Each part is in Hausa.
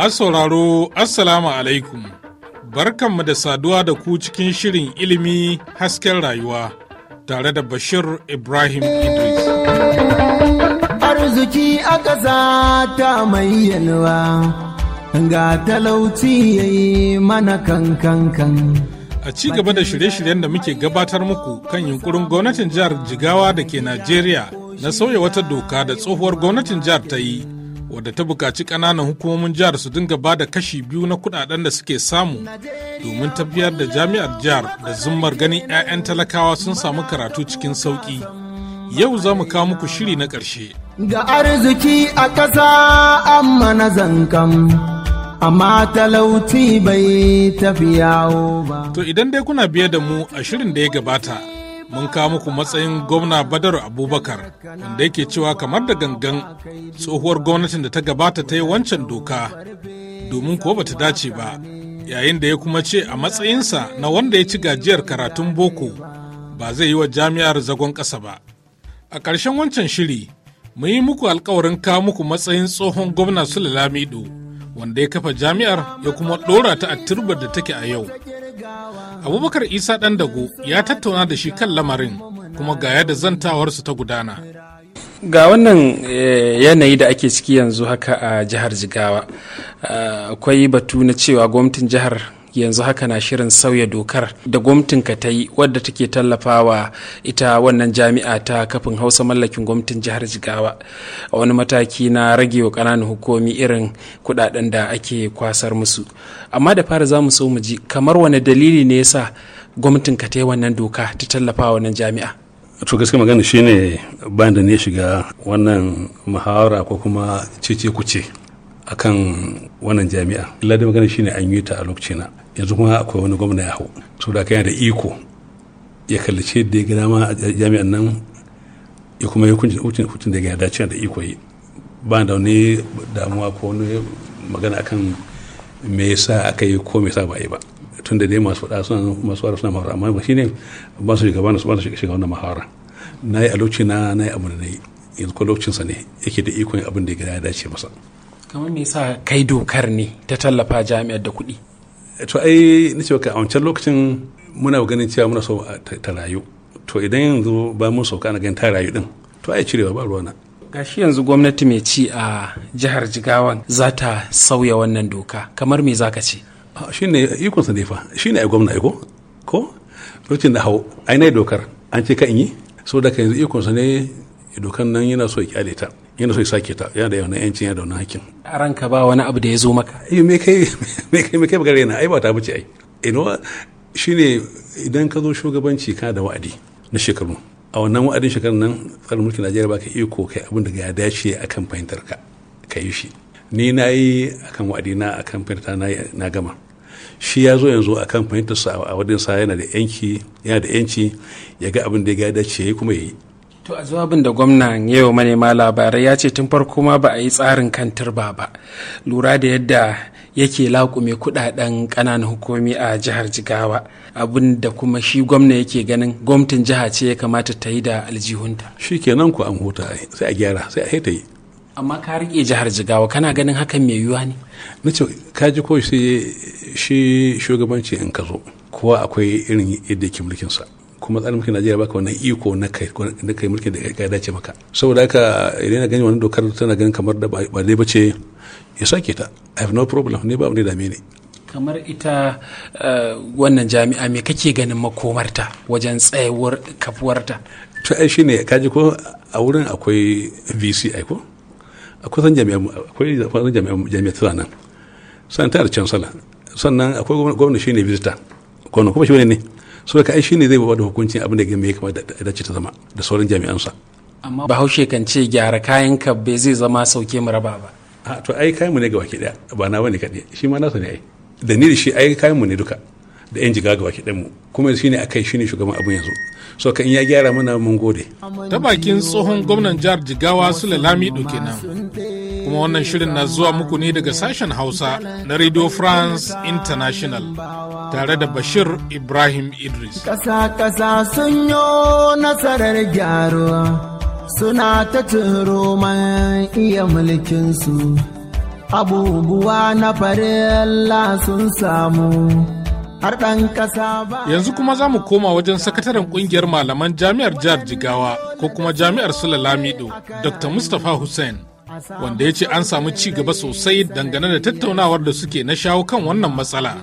Masu sauraro, Assalamu alaikum. Barkanmu da saduwa da ku cikin shirin ilimi hasken rayuwa tare da Bashir Ibrahim Idris. Arziki a ƙasa ta mai yalwa, ga talauci ya yi mana kankan A ci gaba da shirye-shiryen da muke gabatar muku kan yunkurin gwamnatin jihar Jigawa da ke Najeriya na sauya wata doka da tsohuwar gwamnatin jihar ta yi wadda ta bukaci ƙananan hukumomin jihar su dinga ba da kashi biyu na kudaden da suke samu domin tafiyar da jami'ar jihar da zummar ganin 'ya'yan talakawa sun samu karatu cikin sauƙi yau za mu kawo muku shiri na ƙarshe ga arziki a ƙasa amma na zankan amma talauci bai tafi yawo ba. To idan dai kuna biye da mu a shirin da ya gabata, mun kawo muku matsayin gwamna badar abubakar wanda yake cewa kamar da gangan tsohuwar gwamnatin da ta gabata ta yi wancan doka domin kuwa bata dace ba yayin da ya kuma ce a matsayinsa na wanda ya ci gajiyar karatun boko ba zai yi wa jami'ar zagon ƙasa ba a ƙarshen wancan shiri mun yi muku alkawarin kawo muku matsayin tsohon gwamna sule lamido wanda ya kafa jami'ar ya kuma ɗora ta a turbar da take a yau abubakar isa ɗan dago ya tattauna da shi kan lamarin kuma ga yadda zantawarsu ta gudana ga wannan eh, yanayi da ake ciki yanzu haka a jihar jigawa eh, akwai batu na cewa gwamnatin jihar yanzu haka na shirin sauya dokar da gwamnatin ka ta yi wadda take tallafawa ita wannan jami'a ta kafin hausa mallakin gwamnatin jihar jigawa a wani mataki na rage wa kananan hukumi irin kuɗaɗen da ake kwasar musu amma da fara za mu so mu ji kamar wani dalili ne yasa gwamnatin ka ta yi wannan doka ta tallafawa wannan jami'a to gaske magana shine bayan da ne shiga wannan muhawara ko kuma cece kuce akan wannan jami'a illa magana shine an yi ta a lokacina yanzu kuma akwai wani gwamna ya hau saboda yana da iko ya kallace da ya gina ma a jami'an nan ya kuma yi hukuncin hutun da ya dace da iko yi ba da wani damuwa ko wani magana akan me yasa aka yi ko me yasa ba yi ba tun da dai masu faɗa suna masu wara suna mahara amma ba shine ba su shugaba su ba su shiga wannan mahara na yi a lokaci na na yi abu da na yi yanzu ko lokacin sa ne yake da iko yin abin da ya gina ya dace masa kamar me yasa kai dokar ne ta tallafa jami'ar da kuɗi to ai ni ce ka a wancan lokacin muna ganin cewa muna so ta rayu to idan yanzu ba mun sauka na ganin ta rayu din to ai cirewa ba ruwana gashi yanzu gwamnati mai ci a jihar jigawan za ta sauya wannan doka kamar me zaka ce shine ikon sa ne fa shine ai gwamna ko ko lokacin da hau ai na dokar an ce ka in yi so da ka yanzu ikon sa ne dokan nan yana so ya kyale ta yana so ya sake ta yana da yawan yancin yana da wani hakin a ranka ba wani abu da ya zo maka eh me kai me kai me kai bagare na ai ba ta bace ai ino shine idan ka zo shugabanci ka da wa'adi na shekaru a wannan wa'adin shekarun nan tsarin mulkin Najeriya ba ka iko kai abin da ya dace akan fahimtar ka ka yi shi ni na yi akan wa'adi na akan fahimtar na gama shi ya zo yanzu a kan fahimtarsa a wadinsa yana da yanki yana da yanci ya ga abin da ya dace ya kuma ya yi To a jawabin da gwamnan yau manema labarai ya ce tun farko ma ba a yi tsarin kan turba ba. Lura da yadda yake laƙume kudaden ƙananan hukumi a jihar Jigawa. Abin da kuma shi gwamna yake ganin gwamnatin jiha ce ya kamata ta yi da aljihunta. Shi kenan ku an huta sai a gyara sai a ta yi. Amma ka riƙe jihar Jigawa kana ganin hakan mai yiwuwa ne? Na ce ka ji ko shi shugabanci in ka zo kowa akwai irin yadda yake mulkinsa. kuma tsarin mulkin najeriya baka wannan iko na kai mulkin da ya dace maka saboda haka idan na gani wani dokar tana ganin kamar da ba dai bace ya sake ta i have no problem ne ba ne da dame ne kamar ita eh, wannan jami'a me kake ganin makomarta wajen tsayawar kafuwarta to ai shine kaji ko a wurin akwai vc ai ko akwai san jami'a akwai san jami'a tana nan san ta da chancellor sannan akwai gwamnati shine visitor gwamnati kuma shi ne so ka ai shine zai bada hukuncin abin da game ya kamata da dace ta zama da sauran jami'an sa amma bahaushe kan ce gyara kayan ka bai zai zama sauke mu raba ba a to ai kayan mu ne ga waki daya ba na bane kadai shi ma nasa ne ai da ni da shi ai kayan mu ne duka da yan jiga ga ki mu kuma shine akai shine shugaban abin yanzu so in ya gyara mana mun gode ta bakin tsohon gwamnan jihar jigawa sulalami doke nan kuma wannan shirin na zuwa muku ne daga sashen Hausa na Radio France International tare da Bashir Ibrahim Idris. kasa kasa sun yi nasarar gyaruwa suna ta man iya mulkinsu. Abubuwa na farilla sun samu. har ɗan ƙasa ba. Yanzu kuma za mu koma wajen sakataren ƙungiyar malaman jami'ar jihar Jigawa ko kuma jami'ar Sula Lamido, Dr. Mustapha Hussein. wanda ya ce an samu ci gaba sosai dangane da tattaunawar da suke na shawo kan wannan matsala.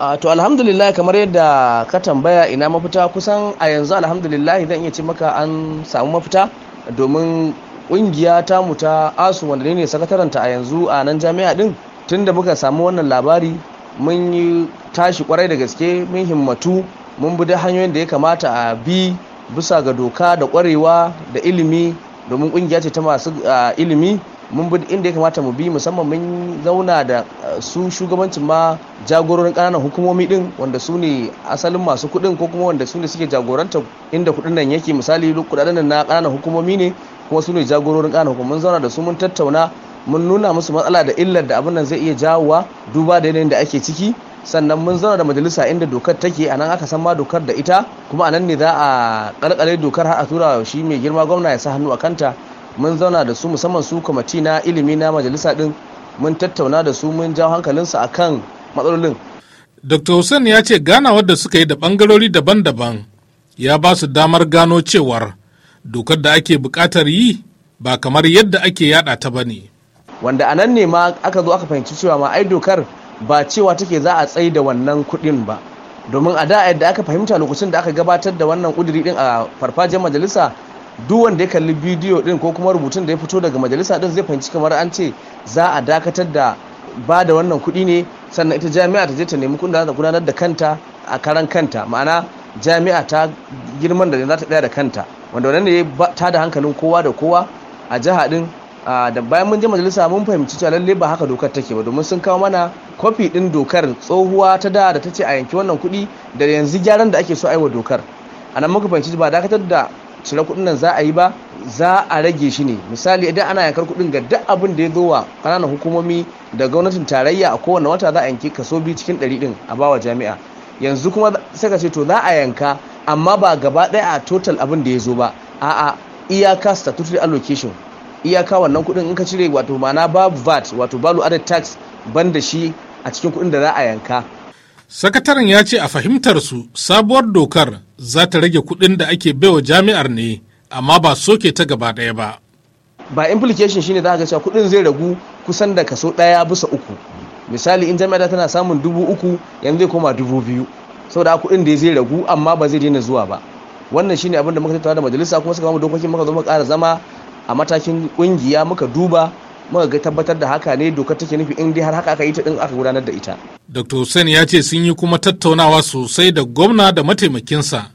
Uh, to alhamdulillah kamar yadda ka tambaya ina mafita kusan a yanzu alhamdulillah zan iya ce maka an samu mafita domin kungiya ta mu ta asu wanda ne sakataranta a yanzu a nan jami'a din tunda muka samu wannan labari mun yi tashi kwarai da gaske mun himmatu mun bi da hanyoyin da ya kamata a bi bisa ga doka da kwarewa da ilimi domin kungiya ce ta masu ilimi mun bi inda ya kamata mu bi musamman mun zauna da su shugabancin ma jagororin kananan hukumomi din wanda su ne asalin masu kudin ko kuma wanda su ne suke jagoranta inda kudin nan yake misali kudaden na kananan hukumomi ne kuma su ne jagororin kananan hukumomi mun zauna da su mun tattauna mun nuna musu matsala da illar da abin nan zai iya jawowa duba da yanayin da ake ciki sannan mun zauna da majalisa inda dokar take a nan aka san ma dokar da ita kuma a nan ne za a karkare dokar har a tura shi mai girma gwamna ya sa hannu a kanta mun zauna da su musamman su kwamiti na ilimi na majalisa din mun tattauna da su mun jawo hankalinsu a kan matsalolin dr hussein ya ce ganawar da suka yi da bangarori daban-daban ya ba su damar gano cewar dokar da ake bukatar yi ba kamar yadda ake yada ta ba ne wanda a nan ne ma aka zo aka fahimci cewa ma ai dokar ba cewa take za a tsaye da wannan kuɗin ba domin a da yadda aka fahimta lokacin da aka gabatar da wannan kuduri din a farfajen majalisa duk wanda ya kalli bidiyo din ko kuma rubutun da ya fito daga majalisa din zai fahimci kamar an ce za a dakatar da ba da wannan kuɗi ne sannan ita jami'a ta je ta nemi kudin da za ta gudanar da kanta a karan kanta ma'ana jami'a ta girman da za ta tsaya da kanta wanda wannan ne ta da hankalin kowa da kowa a jiha din da bayan mun je majalisa mun fahimci cewa lalle ba haka dokar take ba domin sun kawo mana kofi din dokar tsohuwa ta da da ta ce a yanki wannan kuɗi da yanzu gyaran da ake so aiwa dokar a nan muka fahimci ba dakatar da cire kuɗin nan za a yi ba za a rage shi ne misali idan ana yankar kuɗin ga duk abin da ya zo wa ƙananan hukumomi da gwamnatin tarayya a kowane wata za a yanki kaso biyu cikin ɗari ɗin a bawa jami'a yanzu kuma sai ka ce to za a yanka amma ba gaba ɗaya a total abin da ya zo ba a'a iyaka statutory allocation iyaka wannan kuɗin in ka cire wato mana babu VAT wato balu added tax ban da shi a cikin kuɗin da za a yanka. Sakataren ya ce a fahimtar su sabuwar dokar za ta rage kuɗin da ake baiwa jami'ar ne amma ba soke ta gaba daya ba. Ba implication shine za ka cewa kuɗin zai ragu kusan da kaso ɗaya bisa uku. Misali in jami'a tana samun dubu uku yanzu zai koma dubu biyu. Saboda kudin da zai ragu amma ba zai daina zuwa ba. Wannan shine abin da muka tattauna da majalisa kuma suka mu dokokin muka zo muka kara zama a matakin kungiya muka duba muka ga tabbatar da haka ne doka take nufi in dai har haka aka yi ta din aka gudanar da ita dr hussein ya ce sun yi kuma tattaunawa sosai da gwamna da mataimakinsa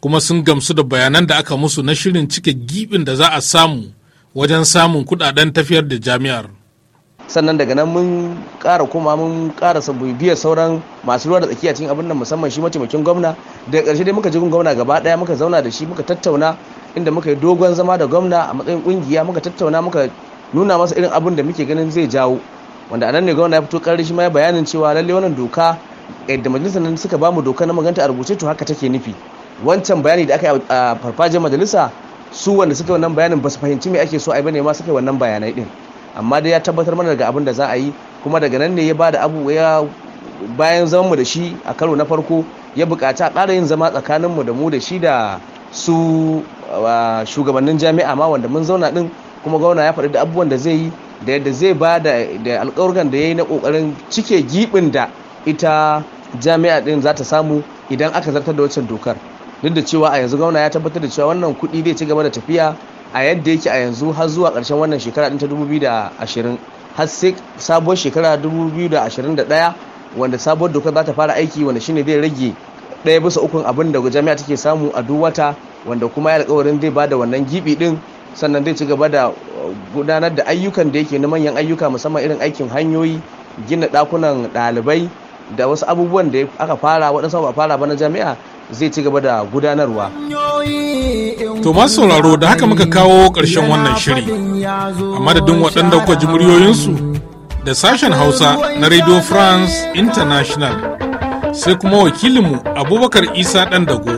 kuma sun gamsu da bayanan da aka musu na shirin cike gibin da za a samu wajen samun kudaden tafiyar da jami'ar sannan daga nan mun ƙara kuma mun ƙara bibiyar sauran masu ruwa da tsakiya cikin abin nan musamman shi mataimakin gwamna daga ƙarshe dai muka je gwamna gaba ɗaya muka zauna da shi muka tattauna inda muka yi dogon zama da gwamna a matsayin kungiya muka tattauna muka nuna masa irin abin da muke ganin zai jawo wanda anan ne gwamna ya fito karar shi ma ya bayanin cewa lalle wannan doka yadda majalisar nan suka bamu doka na maganta a rubuce to haka take nufi wancan bayani da aka yi a farfajiyar majalisa su wanda suka wannan bayanin ba su fahimci me ake so a yi bane ma suka yi wannan bayanai din amma dai ya tabbatar mana daga abin da za a yi kuma daga nan ne ya bada abu ya bayan zaman mu da shi a karo na farko ya bukaci a ƙara yin zama tsakanin mu da mu da shi da su shugabannin jami'a ma wanda mun zauna din kuma gwamna ya faɗi da abubuwan da zai yi da yadda zai ba da alƙawarin da ya yi na ƙoƙarin cike giɓin da ita jami'a din za ta samu idan aka zartar da wancan dokar duk da cewa a yanzu gwamna ya tabbatar da cewa wannan kuɗi zai ci gaba da tafiya a yadda yake a yanzu har zuwa ƙarshen wannan shekara ɗin ta 2020 har sai sabuwar shekara 2021 wanda sabuwar dokar za ta fara aiki wanda shine zai rage ɗaya bisa ukun abin da jami'a take samu a duk wata wanda kuma ya alkawarin zai bada wannan gibi din sannan zai ci gaba da uh, gudanar da ayyukan da yake na manyan ayyuka musamman irin aikin hanyoyi gina dakunan ɗalibai da wasu abubuwan da aka fara waɗansu ba fara ba na jami'a zai ci gaba da gudanarwa. To masu sauraro da haka muka kawo ƙarshen wannan shiri a madadin waɗanda kuka ji muryoyinsu da sashen Hausa na Radio France International sai kuma wakilinmu Abubakar Isa ɗan dago.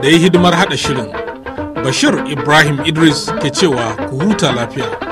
da ya hidimar haɗa shirin. Bashir Ibrahim Idris ke cewa ku huta lafiya.